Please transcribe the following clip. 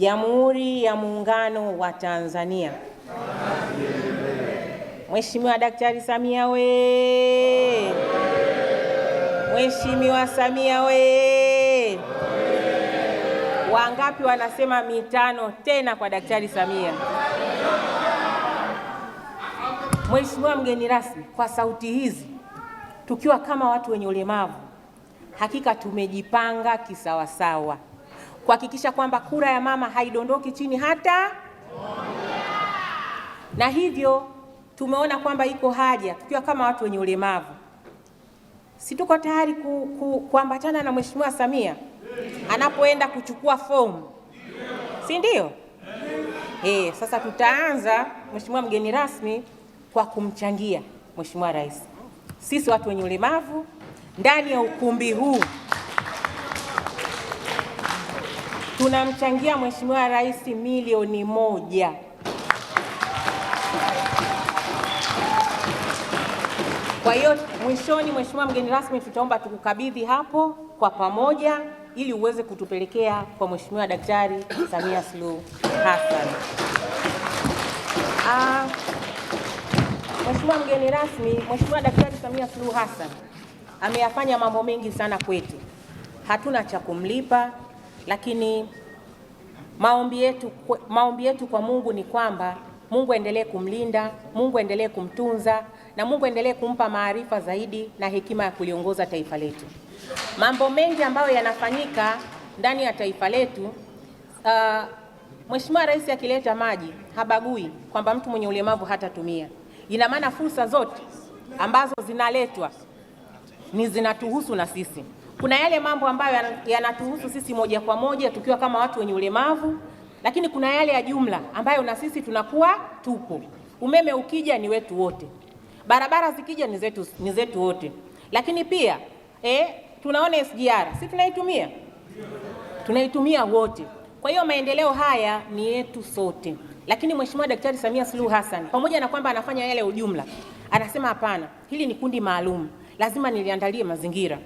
Jamhuri ya Muungano wa Tanzania. Mheshimiwa Daktari Samia we! Mheshimiwa Samia we! Wangapi wanasema mitano tena kwa Daktari Samia? Mheshimiwa mgeni rasmi, kwa sauti hizi tukiwa kama watu wenye ulemavu, hakika tumejipanga kisawasawa kuhakikisha kwamba kura ya mama haidondoki chini hata na hivyo tumeona kwamba iko haja tukiwa kama watu wenye ulemavu, si tuko tayari ku, ku, kuambatana na Mheshimiwa Samia anapoenda kuchukua fomu, si ndio? Eh, sasa tutaanza Mheshimiwa mgeni rasmi kwa kumchangia Mheshimiwa Rais, sisi watu wenye ulemavu ndani ya ukumbi huu. tunamchangia Mheshimiwa Rais milioni moja. Kwa hiyo mwishoni, Mheshimiwa mgeni rasmi, tutaomba tukukabidhi hapo kwa pamoja ili uweze kutupelekea kwa Mheshimiwa Daktari Samia Suluhu Hassan. Ah, Mheshimiwa mgeni rasmi, Mheshimiwa Daktari Samia Suluhu Hassan ameyafanya mambo mengi sana kwetu, hatuna cha kumlipa lakini maombi yetu, maombi yetu kwa Mungu ni kwamba Mungu aendelee kumlinda, Mungu aendelee kumtunza na Mungu endelee kumpa maarifa zaidi na hekima ya kuliongoza taifa letu. Mambo mengi ambayo yanafanyika ndani ya taifa letu uh, Mheshimiwa Rais akileta maji habagui kwamba mtu mwenye ulemavu hatatumia. Ina maana fursa zote ambazo zinaletwa ni zinatuhusu na sisi. Kuna yale mambo ambayo yanatuhusu sisi moja kwa moja tukiwa kama watu wenye ulemavu, lakini kuna yale ya jumla ambayo na sisi tunakuwa tupo. Umeme ukija ni wetu wote, barabara zikija ni zetu, ni zetu wote. Lakini pia eh, tunaona SGR, si tunaitumia? Tunaitumia wote. Kwa hiyo maendeleo haya ni yetu sote. Lakini Mheshimiwa Daktari Samia Suluhu Hassan pamoja na kwamba anafanya yale ujumla, anasema hapana, hili ni kundi maalum, lazima niliandalie mazingira.